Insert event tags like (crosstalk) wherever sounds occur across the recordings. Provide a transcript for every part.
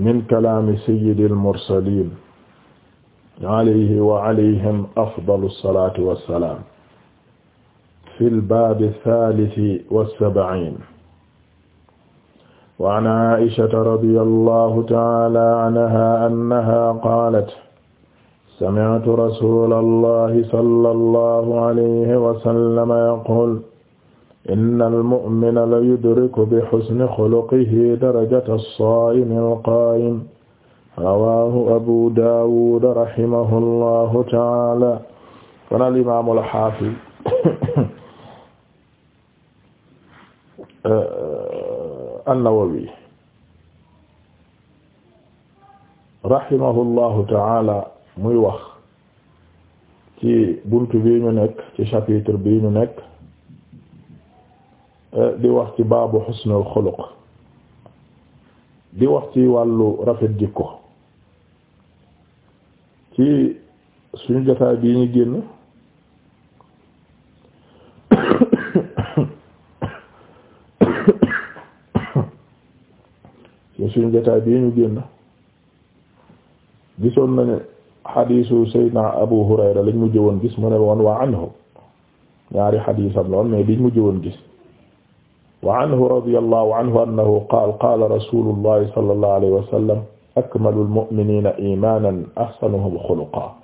min kalaami sayyidil mursaliin alayhi wa alayhim afdalu salaatu wa salaam fil baabi saalisi wa sab'iin wa an Aa'ishata radiyallaahu ta'aalaa anhaa annahaa qaalat sami'tu rasuulallaahi sallallaahu alayhi wa sallam yaquul inna al-mu'mina la yudriku bi husni xuluqihi darajata as-saa'imi al-qaa'im rawaahu abu daawud rahimahu llahu ta'aala kon al-imaam al-haafiz (coughs) an-nawawi rahimahu llahu ta'aala muy wax ci buntu bi ñu nekk ci chapitre bi ñu nekk Eh, di wax ci baabu xusnul xuluq di wax ci wàllu rafet jikko ci suñu jotaay bii ñu génn (coughs) ci suñu jotaay bii ñu génn gisoon nañu xadiisu Seydina Abu Hurayra lañ mujj woon gis mu ne woon waa anhu ñaari xadiisam lool mais liñ mujj woon gis wa anhu radiyallahu anhu annahu qaala qaala rasuulullahi sallallahu alayhi wa sallam akmalul mu'miniina iimaanan ahsanuhum xuluqan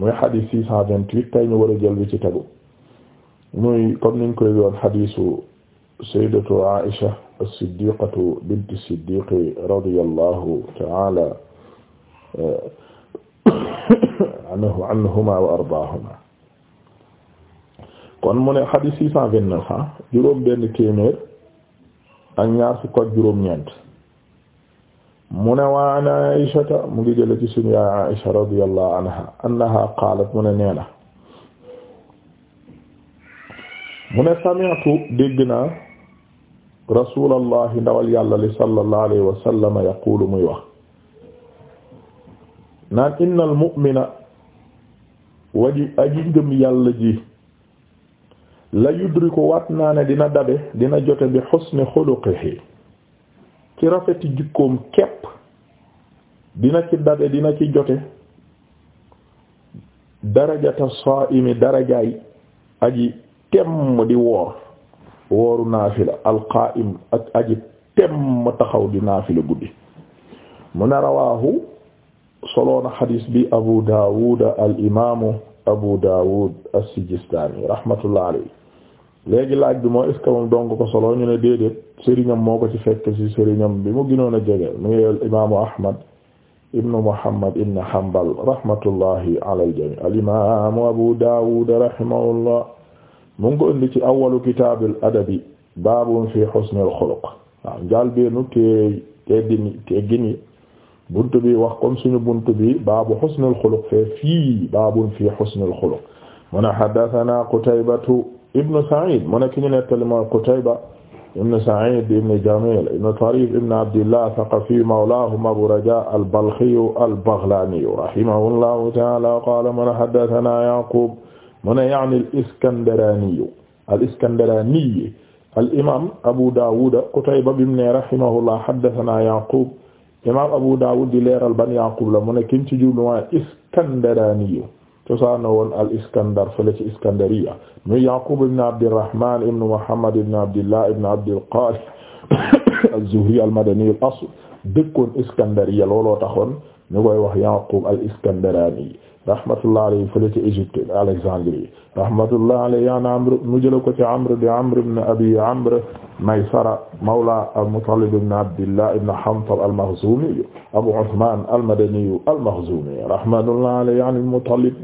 muy xadis 628 tay ñu war a jël bi ci tegu muy comme niñ koy yoon xadisu sayyidatu Aïcha as-siddiqatu bint as-siddiq radiyallahu ta'ala anhu anhuma wa ardaahuma kon mu ne xadis six cent vingt neuf ah juróom benn téeméer ak ñaar fukk ak juróom ñeent mu ne waa an aishata mu ngi jële ci suñu yaay aisha radiyallahu anha annaha qaalat mu ne nee na mu ne sami'tu dégg naa rasulallahi ndawal yàlla li sallallahu alayhi wa sallam yaqulu muy wax naan innal mu'mina aji ngëm yàlla ji la yudriku waat naa ne dina dabe dina jote bi xusni xuluqihi ci rafeti jikkoom kepp dina ci dabe dina ci jote darajata saa'imi darajaay aji temm di woor wooru naafila alqaa'im ak aji temm taxaw di naafila guddi mu ne rawaahu soloona xadiis bi abu daawuda al imaamu Abu Dawud as-Sijistani rahmatullah alayhi léegi laaj bi mooy est-ce que ko solo ñu ne déedéet sëriñam moo ko ci fekk ci bi mu ginoon a jege mu ngi al imaamu Ahmad ibnu Muhammad ibnu Hanbal rahmatullahi ala al-jami' al-imaamu Abu Dawud rahimahullah mu ko indi ci awwalu adabi baabun fi husnil xuluq waaw njaal beenu te te gini buntu bi wax comme suñu buntu bi baabu xusnul xuluq fee fii baabun fii xusnul xuluq mu ne haddasanaa Qutaybatu ibnu Sa'iid mu ne ki ñu nettali mooy Qutayba ibnu Sa'iid ibnu Jamiil ibnu Tariif ibnu Abdillah Saqafi mawlaahum Abu Rajaa al-Balkhiyu al-Baghlaaniyu rahimahullahu ta'aalaa qaala mu ne haddasanaa Yaquub mu ne ya'ni al-Iskandaraaniyu al-Iskandaraaniyu al-imaam Abu Daawuud Qutayba bi mu ne rahimahullah haddasanaa Yaquub imaam Abu Dawud di leeral ban Yaqub la mu ne kim ci jublu mooy Iskandaraani cosaana woon al Iskandar fële ci Iskandariya muy Yaqub ibn Abdirrahman ibn Muhammad ibn Abdillah ibn Abdil Qasim az-Zuhri al-Madani al-asl dëkkoon Iskandariya looloo taxoon ñu koy wax Yaqub al Iskandaraani rahmatullah alayhi fële ci Égypte Alexandrie rahmatullah alayhi an Amr mu jël ko ci Amr di Amr ibn Abi Amr Maysara mawla al-Muttalib ibn Abdillah ibn Hamtal al-Makhzumi Abu Uthman al-Madani al-Makhzumi rahmatullah alayhi an al-Muttalib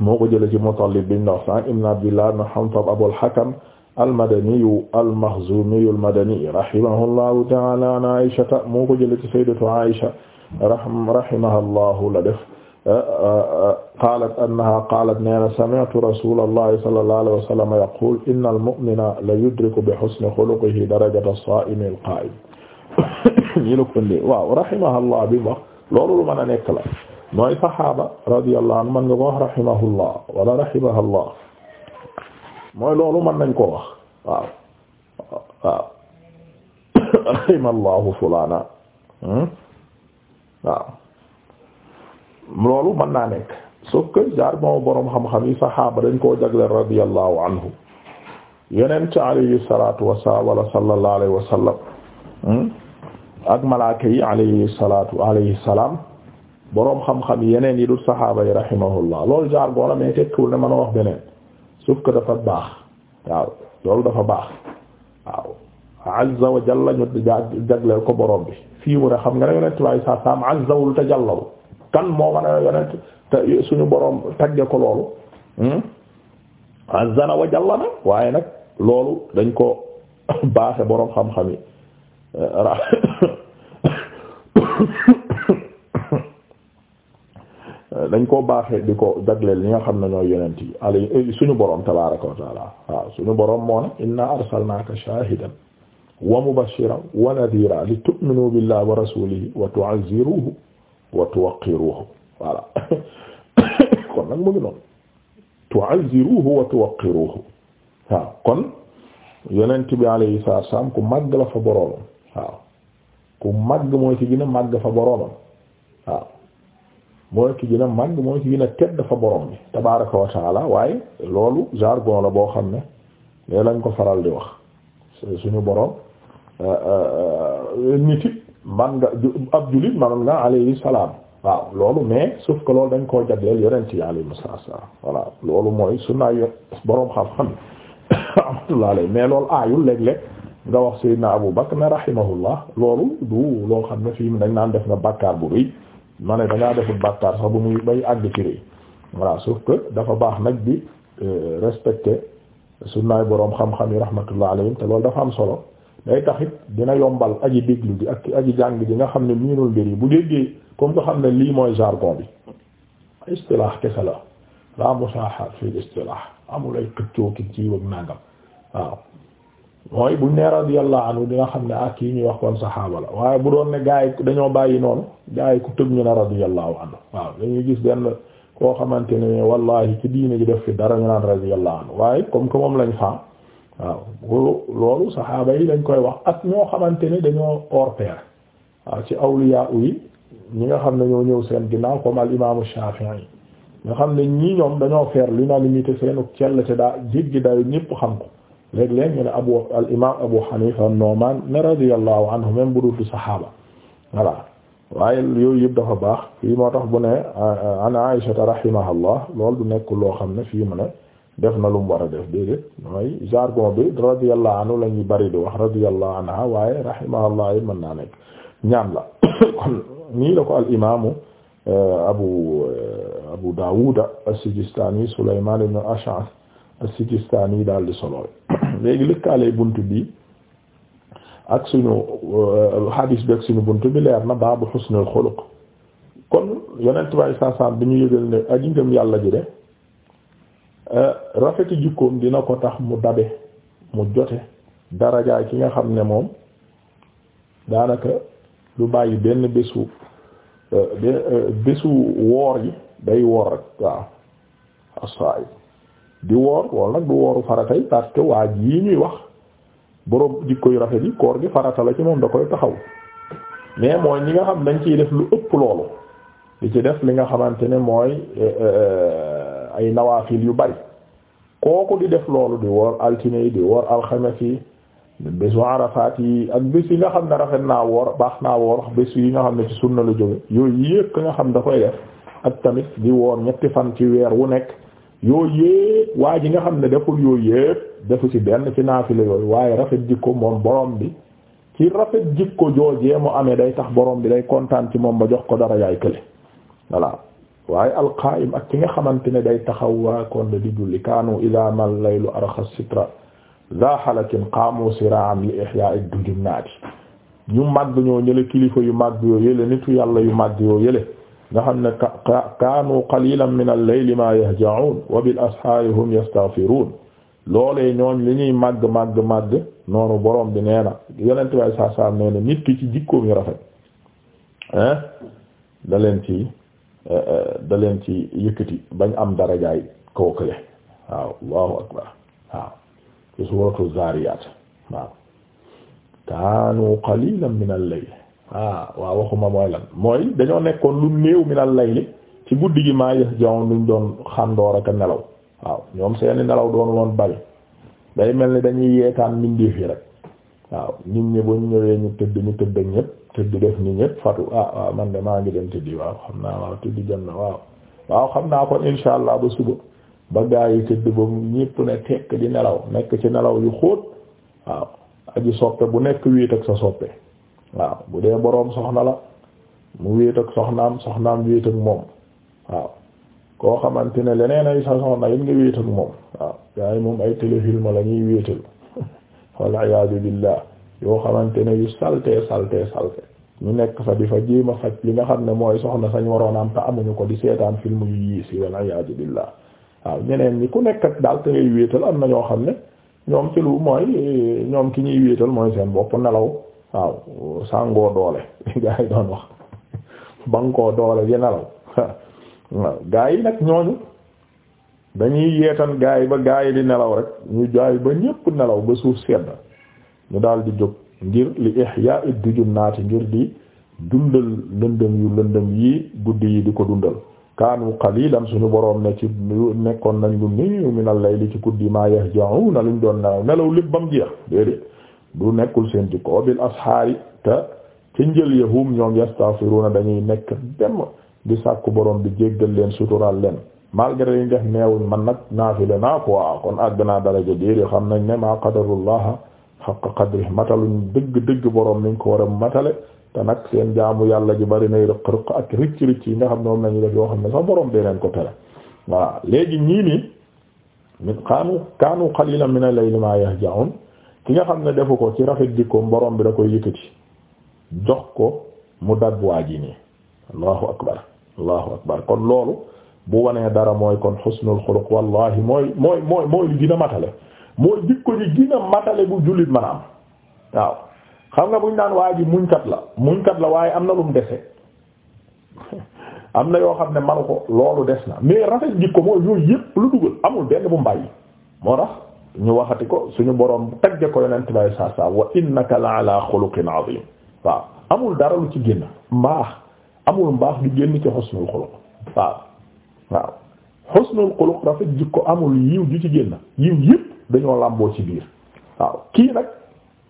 moo ko jël ci Muttalib bin Nafsan ibn Abdillah ibn Hamtal Abu al-Hakam almadaniyu almakhzumiyu almadani rahimahullahu ta'ala an Aïsha moo ko jël ci sayyidatu Aïsha rahimahallahu la def qaalat annaha qaalat neena sami'tu rasulallahi sallallahu alayhi wa sallam yaqul inna al-mu'mina la yudriku bi husni xuluqihi darajata as-saa'imi al-qaa'im (coughs) ñi la ko ndee waaw rahimahullah bi wax loolu lu mën a nekk la mooy saxaaba radiyallahu anhu mën nga ko wax rahimahullah wala rahimahullah mooy loolu mën nañ koo wax waaw waaw (coughs) rahimallahu fulana hmm? waaw loolu mën naa nekk sauf que jaar moo boroom xam-xam yi saxaaba dañ koo jagleel radiyallahu anhu yonent alayhi salaatu wasalaam wala sallallahu alayhi wasallam hmm? ak malaaka yi alayhi salaatu salaam boroom xam-xam yeneen yi dul saxaaba yi rahimahullah loolu jaar goona mais tekkiwul ne mën a wax beneen sauf dafa baax waaw loolu dafa baax waaw azza wa jalla ñu jagleel ko boroom bi fii mu ne xam nga ne yonent bi alayhi kan moo mën a suñu boroom tagge ko loolu hmm? azana wa waaye nag loolu dañ ko (laughs) baaxe boroom xam-xam yi (coughs) dañ koo baaxee di ko jagleel li nga xam ne ñooy yonent yi alay eh, suñu boroom tabaaraka wa taala waaw suñu boroom moo ne inna arsalnaaka shaahidan wa mubashiran wa nadhiran li tu'minu billahi wa rasulihi wa tu'azziruhu wa tuwaqqiruhu voilà (coughs) kon nag mu ngi noonu tu'azziruhu wa tuwaqqiruhu waaw kon yonent bi alayhi salaatu wassalaam ku màgg la fa boroomam waaw ku màgg mooy ci gën a màgg fa boroomam waaw mooy ki gën a màgg mooy ki gën a tedd fa borom bi tabaaraka wa waaye loolu jargon la boo xam ne lee lañ ko faral di wax suñu boroom euh, euh, euh, nit man nga ab jullit man nga alayhi waaw loolu mais sauf que loolu dañ koo jagleel yonent yi alayhi salaam voilà loolu mooy sunna yo boroom xam-xam (coughs) rahmatullah mais loolu aayul léeg-léeg nga wax sayyidina Abu Bakr ne rahimahullah loolu du loo xam ne fii mu dañ naan def nga bàkkaar bu rëy ma ne da ngaa deful bàkkaar sax bu muy bay àgg ci rëy voilà sauf que dafa baax nag bi euh, respecter sunnaay boroom xam-xam yi rahmatullah alayhim te loolu dafa am solo day taxit dina yombal aji déglu ji ak aji jàng ji nga xam ne miinul mbir yi bu déggee comme nga xam ne lii mooy jargon bi istilah kese la la musaahaat fi istilah amul ay xëccoo ki ci wëg nangam waaw mooy buñ ne radiyallahu anhu dina xam ne ak yi ñuy wax kon saxaaba la waaye bu doon ne gaa yi dañoo bàyyi noonu gaa yi ku tëb ñu ne radiyallahu anhu waaw dañuy gis benn koo xamante ne wallahi ci diine ji def fi dara ñu naan radiyallahu anhu waaye comme que moom lañ fa waaw loolu saxaaba yi dañ koy wax ak ñoo xamante ni dañoo hors waaw ci awliya yi ñi nga xam ne ñoo ñëw seen ginnaaw comme al imaamu Shafi'i nga xam ne ñii ñoom dañoo faire l'unanimité seenu cell ci daa jéggi dayu ñépp xam ko léeg-léeg ñu ne abu al imaam Abu Hanifa Nu'man ne radiyallahu anhu même bu dul saxaaba voilà waaye yooyu yëpp dafa baax fii moo tax bu ne an Aisha rahimahullah loolu du nekkul loo xam ne fii mu ne def na lu mu war a def déedéet mooy jargon bi radiyallahu anhu la bari di wax radiyallahu anha waaye rahimahullah mën naa nekk ñaan la (coughs) kon nii la ko al imaamu euh, abu euh, abu daawuda as-sijistani sulayman ibn ash'ath daal di solo (coughs) léegi lëkkaale bunt bi ak suñu hadis euh, bi ak suñu bunt bi leer na baabu husnul xuluq kon yonent bi sallallahu bi ñu yëgal ne aji ngëm yàlla ji de Euh, rafeti jikkoom dina ko tax mu dabe mu jote darajaay ki nga xam ne moom daanaka lu bàyyi benn bésu euh, euh, bésu woor yi day woor rek waaw asaay di woor loolu nag du wooru faratay parce que waa ji yi ñuy wax boroom jikko yu rafet yi koor gi farata la ci moom da koy taxaw mais mooy ñi nga xam dañ ciy def lu ëpp loolu di ci def li nga xamante ne mooy ay nawaafil yu bari kooku di def loolu di woor altine yi di woor alxames yi bésu arafaat yi ak bés yi nga xam ne rafet naa woor baax naa woor bés yi nga xam ne ci sunna la jóge yooyu yëpp nga xam da koy def ak tamit di woor ñetti fan ci weer wu nekk yooyu waa ji nga xam ne deful yooyu yëpp defu ci benn ci naafila yooyu waaye rafet jikko moom borom bi ci rafet jikko joojee mu amee day tax borom bi day kontaan ci moom ba jox ko dara yaay kële voilà waaye alqaayim ak ki nga xamante ne day taxaw waakoon ne di julli kaanu ida mal laylu arxa sitra za qaamu sira'an li ihya'i dujunnaati ñu màgg ñoo ñële kilifa yu màgg yoo yële yàlla yu màgg yoo yële nga xam ne kaanu qalilan li ñuy màgg màgg màgg noonu borom bi nee na yonent way saa saa nee nit ki ci jikkoom yu rafet ah da leen Eh, eh, da leen ci yëkkati bañ am darajaay kookale waaw allahu akbar waaw ci suuratu zaariyaat waaw kaanu qalilan min al-layl ah waaw waxuma mooy lan mooy dañoo nekkoon lu néew min al-layli ci guddi gi maa yahjaun luñ doon xàndoor ak nelaw waaw ñoom seeni nelaw doon woon bari day mel ni dañuy yeetaan mbindeef yi rek waaw ñu ñi buñ ñëwee ñu tëdd ñu tëdd ak ñépp tëdd def ni ñépp fatu ah waaw ah, man de maa ngi dem tëddi waaw xam naa waaw tëddi na waaw waaw xam naa kon insha allah ba suba ba gaa yi tëdd ba ñépp ne tekk di nelaw nekk ci nelaw yu xóot waaw aji soppe bu nekk wéet ak sa soppe waaw bu dee boroom soxna la mu wéet ak soxnaam soxnaam wéet ak moom waaw koo xamante leneen ay sa soxna it nga wéet ak moom waaw gaa yi moom ay téléfilm la ñuy wéetal (laughs) wal iyaadu billah yoo xamante ne yu saltee saltee salte ñu nekk fa di fa jéem a faj li nga xam ne mooy soxna sañ waroon am te amuñu ko di seetaan film yu yiis yi walla iyaazu billaah waaw ñeneen ñi ku nekk ak daal te ngay wéetal am na ñoo xam ne ñoom ci mooy ñoom ki ñuy wéetal mooy seen bopp nelaw waaw sàngoo doole (laughs) gaa yi doon wax bankoo doole yi nelaw (laughs) waaw gaa yi nag ñooñu dañuy yeetan gaa yi ba gaa yi di nelaw rek ñu jaay ba ñépp nelaw ba suuf sedd ñu daal di jóg ngir li ihya'i dujunaati ngir di dundal lëndëm yu lëndëm yi guddi yi di ko dundal kaanu qalilan suñu boroom ne ci nekkoon nañu lu néew minal layli ci guddi maa yahja'una luñ doon nelaw nelaw lépp jeex déedéet du nekkul seen jikko bil ashaari te ci njël ya hum ñoom yastaghfiruna dañuy nekk dem di sàkku boroom bi jéggal leen suturaal leen malgré liñ def neewuñ man nag naafile naa quoi kon àgg naa daraja déedéet xam nañ ne maa qadarullah xaqa qadri mataluñ dëgg dëgg boroom niñ ko war a matale te nag seen jaamu yàlla ji bari nay rëq rëq ak ricc ricc yi nga xam ne moom nañu def yoo xam ne sax borom dee leen ko tere voilà léegi ñii nii min kaanu kaanu qalilan mina layli ma yahja'un ki nga xam ne defu ko ci rafet jikkoom boroom bi da koy yëkkati jox ko mu dab waa ji nii allahu akbar allahu akbar kon loolu bu wanee dara mooy kon xusnul xuluq wallahi mooy mooy mooy mooy li matale mooy jikko ji gën a matale bu jullit mën waaw xam nga buñ naan waa ji muñkat la muñkat la waaye am na lum dese (laughs) am na yoo xam ne manu ko loolu des na mais rafet jikko mooy yooyu yépp lu dugal amul benn bu mbàyyi moo tax ñu waxati ko suñu boroom tagge ko yonent bay saa saa wa innaka la ala xuluqin azim waaw amul dara lu ci génn mbaax amul mbaax di génn ci xusnul xuluq waaw waaw xusnul xuluq rafet jikko amul yiw ju ci génn yiw yépp dañoo làmboo ci biir waaw kii nag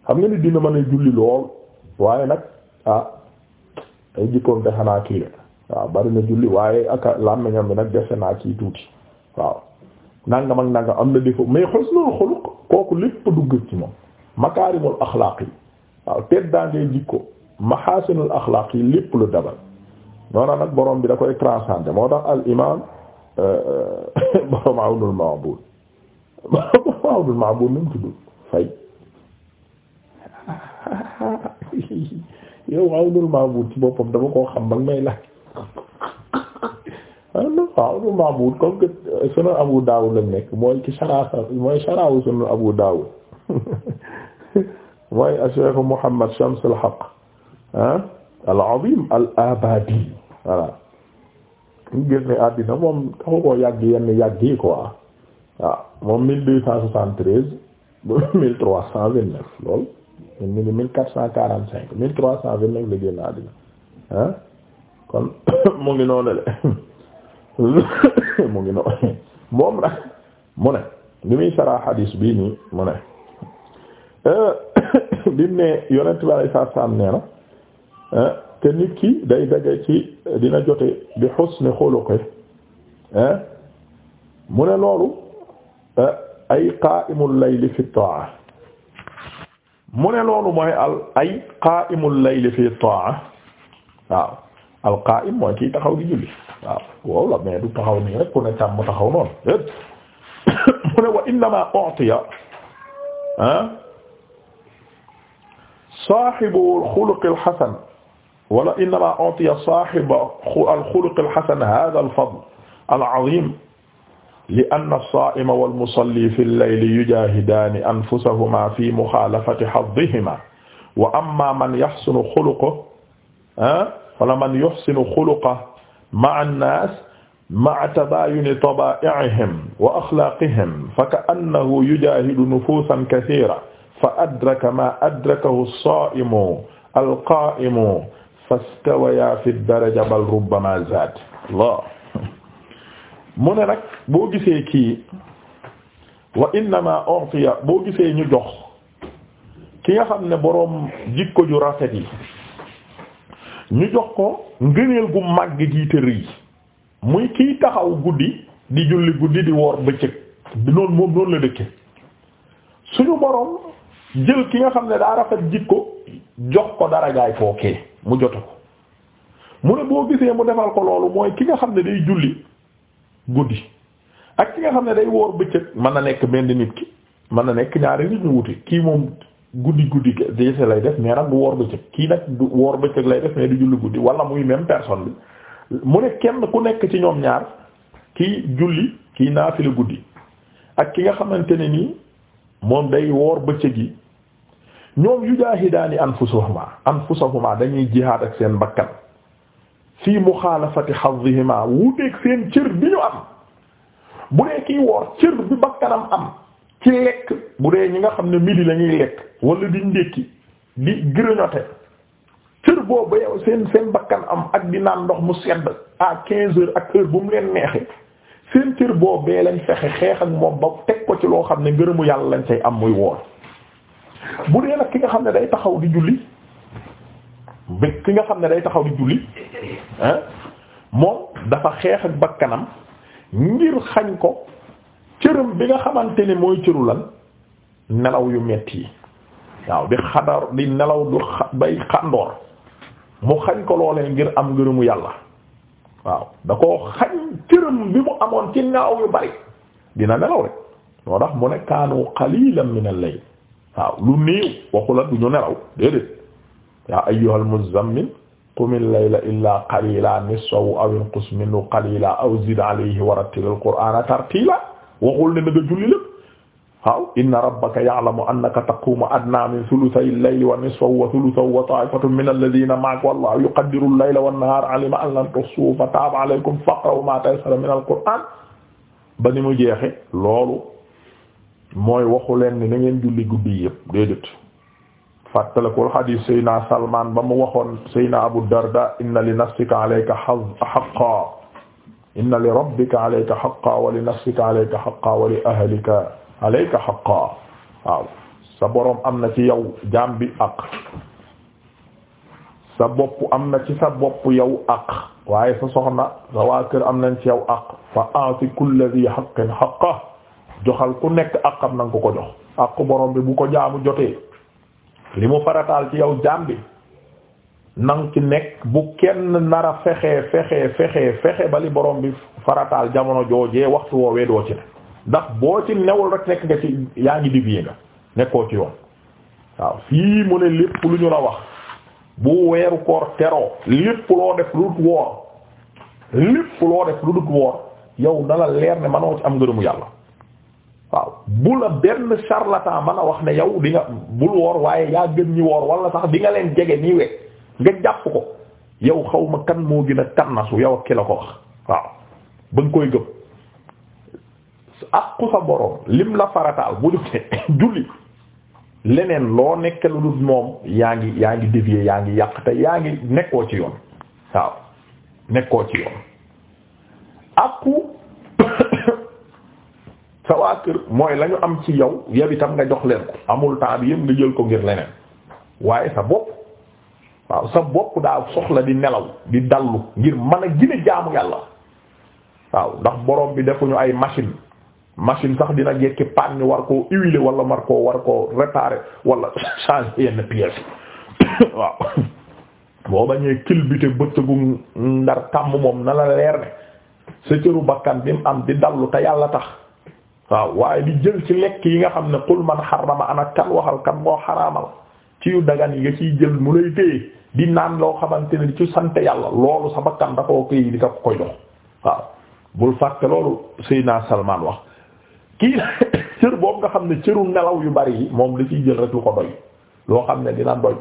xam nga ni dina mën a julli lool waaye nag ah ay jikkoom de xanaa kii rek waaw bari na julli waaye aka làmmiñam bi nag defe naa kii tuuti waaw nangam ak nangam am na défaut mais husnul xuluq kooku lépp dugg ci moom makaarimul axlaaq waaw tedd daangee jikko maxaasinul axlaaq lépp lu dabal noonu nag borom bi da koy transcender moo tax al imaam euh, (laughs) borom Awnul Ma'buud waaw bi maa boobu nañ tudd fay yow waaw dul maabuud ci boppam dama koo xam ba may laaj ah, waaw dul maabuud comme que euh, sunu Abu Daawud lañ nekk mooy ki saraa mooy saraawu sunu Abu Daawud (laughs) mooy Cheikh Muhammad Shams al-Haq ah al-Azim al-Abadi voilà ñu gis ne àddina moom taxu koo yàgg yenn yàgg yi quoi waaw ah, moom mille deux cent soixante treize ba (laughs) mille trois cent vingt neuf lool ñun ñu ngi mille cent quarante cinq mille trois cent vingt neuf la génn àddina ah kon (coughs) mu ngi noonu le (coughs) mu ngi noonu moom nag mu ne li muy saraa xadiis bii nii mu ne euh, (coughs) bi mu ne yonent bi alay saa saam nee na ah, te nit ki day daje ci dina jote bi xusni xuluqi ah, mu ne loolu ay qaa'imul layli fi ta'a mu ne loolu mooy al ay qaa'imul layli fi ta'a waaw al qaa'im mooy kii taxaw di julli waaw wow la mais du taxaw nii rek ku ne càmm taxaw noonu déet (coughs) mu ne wa innama u'tiya ah saahibu al-xuluqil hasan wala innama u'tiya saahibu al-xuluqil hasan haadha al-fadl al-'aziim li anna as-saa'ima wal musalli fi al-layli yujaahidaani anfusahumaa fi muxaalafati haddihimaa wa ammaa man yaxsinu xuluquhu ah, wala man yuxsinu xuluqahu ma'a an-naas ma'a tabaayuni tabaa'ihim wa axlaaqihim faka'annahu yujaahidu nufuusan kasiira fa adraka maa adrakahu as-saa'imu al-qaa'imu fastawayaa fi ad-daraja bal rubbamaa zaada mu ne nag boo gisee kii wa innama u'tiya boo gisee ñu jox ki nga xam ne boroom jikko ju rafet yi ñu jox ko ngëneel gu mag gi te rëy muy kiy taxaw guddi di julli guddi di woor bëccëg di noonu moom noonu la dëkke suñu boroom jël ki nga xam ne daa rafet jikko jox ko dara gaay fookee mu jote ko mu ne boo gisee mu defal ko loolu mooy ki nga xam ne day julli guddi ak ki nga xam ne day woor bëccëg mën na nekk benn nit ki mën na nekk ñaari nit ñu wute kii moom guddi guddi dese lay def mais nag du woor bëccëg kii nag du woor bëccëg lay def mais du julli guddi wala muy même personne bi mu ne kenn ku nekk ci ñoom ñaar kii julli kii naafila guddi ak ki nga xamante ne nii moom day woor bëccëg yi ñoom yu yujaahidaani anfusahuma anfusahuma dañuy jihaad ak seen bakkan fii muxaalafati hazzihima wuuteeg seen cër bi ñu am bu dee kii woor cër bi bakkanam am ci lekk bu dee ñi nga xam ne midi la ñuy lekk walla di ndékki di grignoter cër boobu yow seen seen bakkan am ak dinaan ndox mu sedd a quinze heures ak heure bu mu leen neexee seen cër boobu lañ fexe xeex ak moom ba teg ko ci loo xam ne ngërëmu yàlla lañ say am muy woor bu dee nag ki nga xam ne day taxaw di julli. bi ki nga xam ne day taxaw di julli ah moom dafa xeex ak bakkanam ngir xañ ko cëram bi nga xamante ni mooy cëru lan nelaw yu metti yi waaw di xadar di nelaw du bay xàndoor mu xañ ko loolee ngir am ngërëmu yàlla waaw da koo xañ cëram bi mu amoon ci nelaw yu bari dina nelaw rek moo tax mu ne kaanu qalilan min al waaw lu néew waxu la du ñu nelaw déedéet yaa ayyuhal muzzammil qumil layla illaa qalila nisfahu aw inqus minhu qalila aw zid alayhi wa rattilil qur'ana tartila waxul ne da nga julli lépp waaw inna rabbaka ya'lamu annaka taqumu adna min thuluthay al-layli wa nisfahu wa thuluthahu wa ta'ifatun min alladhina ma'aka wallahu yuqaddiru al-layla wan-nahara 'alima an lan tuhsuhu fataba 'alaykum faqra'u ma tayassara min al-qur'an ba ni mu jeexe loolu mooy waxu leen ne na ngeen julli guddi yépp déedéet fàttalakol hadis sayna salman ba mu waxoon sayna abu darda inna li nafsika alayka haqqan inna li rabbika alayka haqqan wa li nafsika alayka haqqan wa li ahlika alayka haqqan waaw boroom am na ci yow jaam bi aq sa bopp na ci sa bopp yow waaye sa soxna sa waa am nañ ci yow aq fa a'ti kulli dhi haqqin haqqahu joxal ku nekk aqam na nga ko ko jox aq boroom bi bu ko jaamu jotee li mu farataal ci yow jaam bi nang ci nekk bu kenn nara a fexe fexe fexe fexe ba borom bi farataal jamono joojee waxtu woowee doo ci ne ndax boo ci newul rek nekk nga ci yaa ngi dévier nga nekkoo ci yoon waaw fii mu ne lépp lu ñu la wax bu weeru koor teroo lépp loo def lu dut woor lépp loo def lu dut woor yow dala leer ne manoo ci am ngërëmu yàlla waaw bu la benn charlatan mën a wax ne yow di nga bul woor waaye yaa gën ñi woor wala sax di nga leen jege nii we nga jàpp ko yow xaw ma kan moo gën a kannasu yow ak ki la ko wax waaw ba nga koy gëm àqu sa boroom lim la farataal bu dutee (laughs) julli leneen loo nekk lu dul moom yaa ngi yaa ngi dévier yaa ngi yàq te yaa ngi nekkoo ci yoon waaw nekkoo ci yoon àqu sa waa kër mooy lañu am ci yow yow itam nga jox leen ko amul temps yépp yëpp nga jël ko ngir leneen waaye sa bopp waaw sa bopp daa soxla di nelaw di dallu ngir mën a gën jaamu yàlla waaw ndax borom bi defuñu ay machine machine sax dina jekki panne war koo huiler wala war koo war koo réparer wala (coughs) change yenn pièce (coughs) waaw boo bañee culbuté bëccëgu ndar kàmm moom na la leer ne sa cëru bakkan bi mu am di dallu te yàlla tax waaw waaye di jël ci lekk yi nga xam ne qul ma xarama ana kan waxal kan moo xaraamal ci yu dagan yi nga ciy jël mu lay téye di naan loo xamante ne ci sant yàlla loolu sa bakkan da koo koy di ko koy jox waaw bul fàtte loolu Seydina Salman wax kii (coughs) cër boobu nga xam ne cëru nelaw yu bari yi moom da ciy jël rek lu ko doy loo xam ne dina doy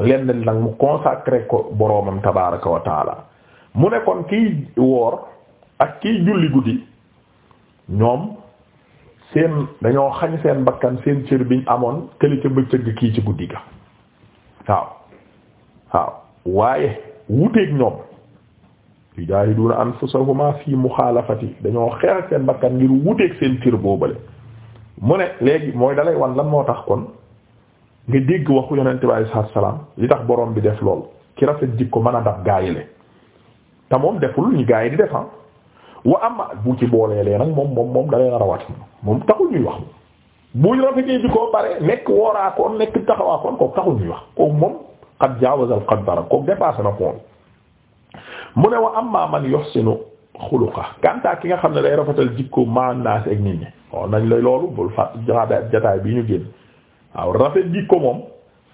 lenn nag mu consacré ko boroomam tabaraka wa mu ne kon kiy woor ak kiy julli guddi ñoom seen dañoo xañ seen bakkan seen cër biñ amoon kële ca bëccëg kii ci guddi ga waaw waaw waaye wuteeg ñoom yujaahiduna anfusahuma fi muxaalafati dañoo xeex seen bakkan ngir wuteeg seen cër boobale mu ne léegi mooy dalay wan lan moo tax kon nga dégg waxu yonente bi alayhi salaatu salaam li tax borom bi def lool ci rafet jikko mën a dab gaayile te moom deful ñu gaay di defan ah. wa amma bu ci boolee lee nag moom moom moom da leen rawat moom taxul ñuy wax buñ rafetee bi koo bare nekk wooraakoon nekk taxawaakoon kooku taxul ñuy wax kooku moom qad jaawaza al qaddara kooku dépassé na koon mu ne wa amma man yuhsinu xuluqa kanta ki nga xam ne day rafetal jikko ma naas ak nit waaw nañ lay loolu bul fat jataay bi ñu génn waaw rafet jikko moom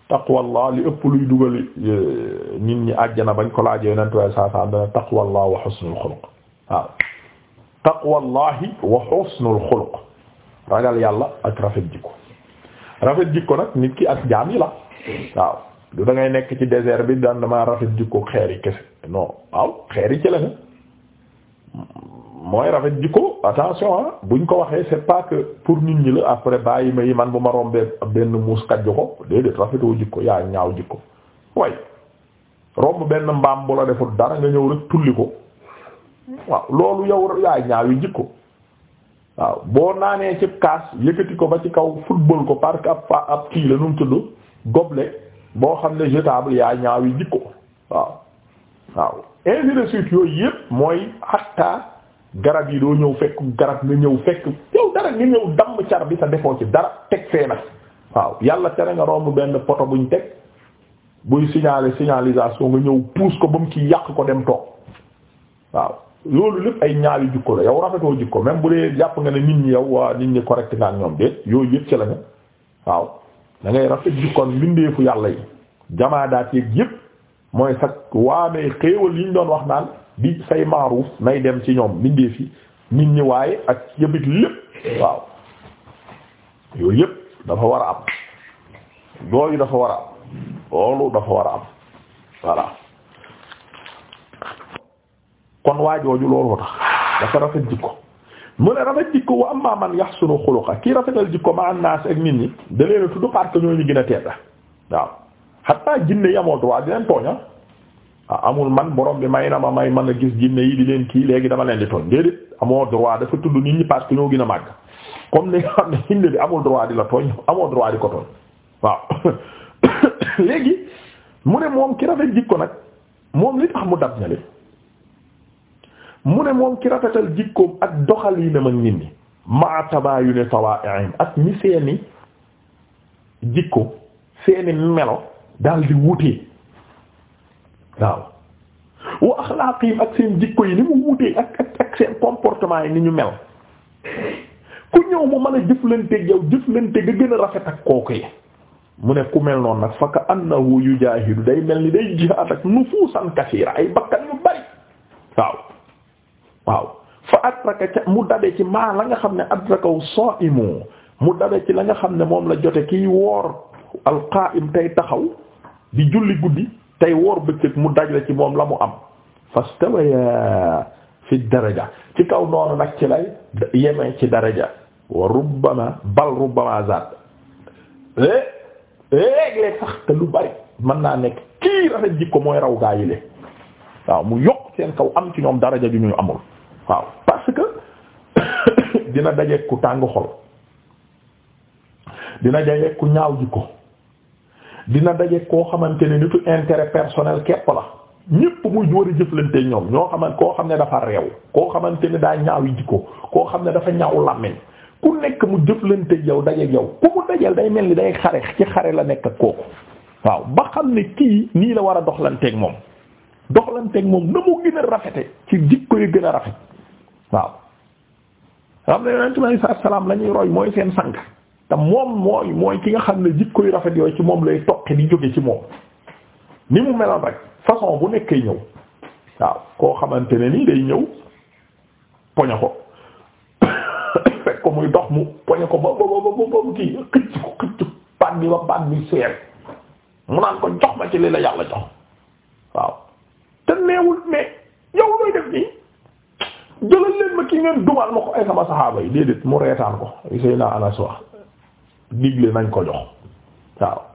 taqwallah li ëpp luy dugal e, nit ñi àjjana bañ ko laajee yonent waaye saa saa dana taqwallah wa husnul taqwallahi wa husnul xuluq ragal yàlla ak rafet jikko rafet jikko nag nit ki ak jaam yi la waaw du da ngay nekk ci désert bi daan damaa rafet jikko xeer yi kese non waaw xeer yi ci la mooy rafet jikko attention ah buñ ko waxee c'est pas que pour nit ñi la après bàyyi ma yi man bu ma rombee benn muus kàjju ko déedéet rafetoo jikko yaa ñaaw jikko way romb benn mbaam bu la deful dara nga ñëw rek tulli ko. waaw loolu yow yaay ñaaw yi jikko waaw boo naanee ci kaas yëkkati ko ba ci kaw football ko parce que ab fa ab la nu mu tudd gobelet boo xam ne jetable yaay ñaaw yi jikko waaw waaw ainsi de yooyu yëpp mooy hatta garab yi doo ñëw fekk garab nga ñëw fekk yow dara nga ñëw damm car bi sa defoo ci dara teg fee nag waaw yàlla tere nga romb benn poto buñ teg buy signaler signalisation nga ñëw pousse ko ba mu ci yàq ko dem toog waaw loolu lépp ay ñaawi jukko la yow rafetoo jikko même bu dee jàpp nga ne nit ñi yow waa nit ñi correct nga ak ñoom déet yooyu yëpp ci la ne waaw da ngay rafet jikkoon yàlla yi jamaadaat yeeg yëpp mooy sax waamee xéewal yi ñu doon wax naan di say maaruuf nay dem ci ñoom mbindeef fi nit ñi waaye ak yëbit lépp waaw yooyu yëpp dafa war a am yooyu dafa war a am loolu dafa war a am voilà kon waajooju looloo tax dafa rafet jikko mu ne rafet jikko wa amma man sunu xuluqa kii rafetal jikko ma annaas ak nit ñi da leen a tudd parce que ñooñu gën a tedd waaw xataa jinne yi amoo droit di leen ah ah amul man borom bi may na ma may man a gis jinne di leen léegi dama leen di tooñ déedéet amoo droit dafa tudd nit ñi park que ñoo gën a màgg comme ni nga xam ne jinne bi amul droit di la tooñ amoo droit di ko tooñ waaw (coughs) léegi mu ne moom ki rafet jikko nag moom li tax mu dab ñale mu ne moom ki rafetal jikkoom ak doxal yi dem mag nit ñi yu tabaayu ne tawaa'i'im ak ñi seeni jikko seeni melo daal di wutee waaw wa axlaaqihim ak seen jikko yi ni mu wutee ak ak seen comportement yi ni ñu mel ku ñëw mu man a jëflanteeg yow jëflante ga gën a rafet ak kooku yi mu ne ku mel noon nag fa ka annahu yujaahidu day mel ni day jihaad ak nufuusan kasiira ay bakkan yu bari waaw waaw fa adraka ca mu dabe ci maa la nga xam ne adrakahu saa'imu mu dabe ci la nga xam ne moom la jote kiy woor alqaa'im tey taxaw di julli guddi tey woor bëccëg mu daj la ci moom la mu am fastawaya fi daraja ci kaw noonu nag ci lay yeme ci daraja wa rubbama bal rubbama zaat eh, eh, léeg-léeg sax te lu bari mën naa nekk kii rafet jikko mooy raw gaa yi le waaw mu yokk seen kaw am ci ñoom daraja ju ñu amul waaw parce que (coughs) dina dajeek ku tàng xol dina dajeek ku ñaaw jikko dina dajeek koo xamante ni nitu intérêt personnel képp la ñépp muy war a jëflante ñoom ñoo xaman koo xam ne dafa réew koo xamante ne daa ñaaw jikko koo xam ne dafa ñaaw làmmiñ ku nekk mu jëflante yow dajeek yow ku mu dajeel day mel ni day xare ci xare la nekk ak kooku waaw ba xam ne kii nii la war a doxlanteeg moom doxlanteeg moom na mu gën a rafete ci jikko yu gën a rafet waaw xam ne yonent bi alayhi salaam la ñuy roy mooy seen sang te moom mooy mooy ki nga xam ne jikko yu rafet yooyu ci moom lay toqi di jóge ci moom ni mu meloon rek façon bu nekkee ñëw waaw koo xamante ne nii day ñëw poña ko (coughs) ko muy dox mu poña ko ba ba ba ba mu kii xëcc ko xëcc baat bi ba baat bi seer mu naan ko jox ma ci li la yàlla jox waaw te neewul mais yow looy def nii jëlal leen ma ki ngeen dugal ma ko ay sama saxaaba yi déedéet mu reetaan ko a Seydina Anas wax digle nañ ko jox waaw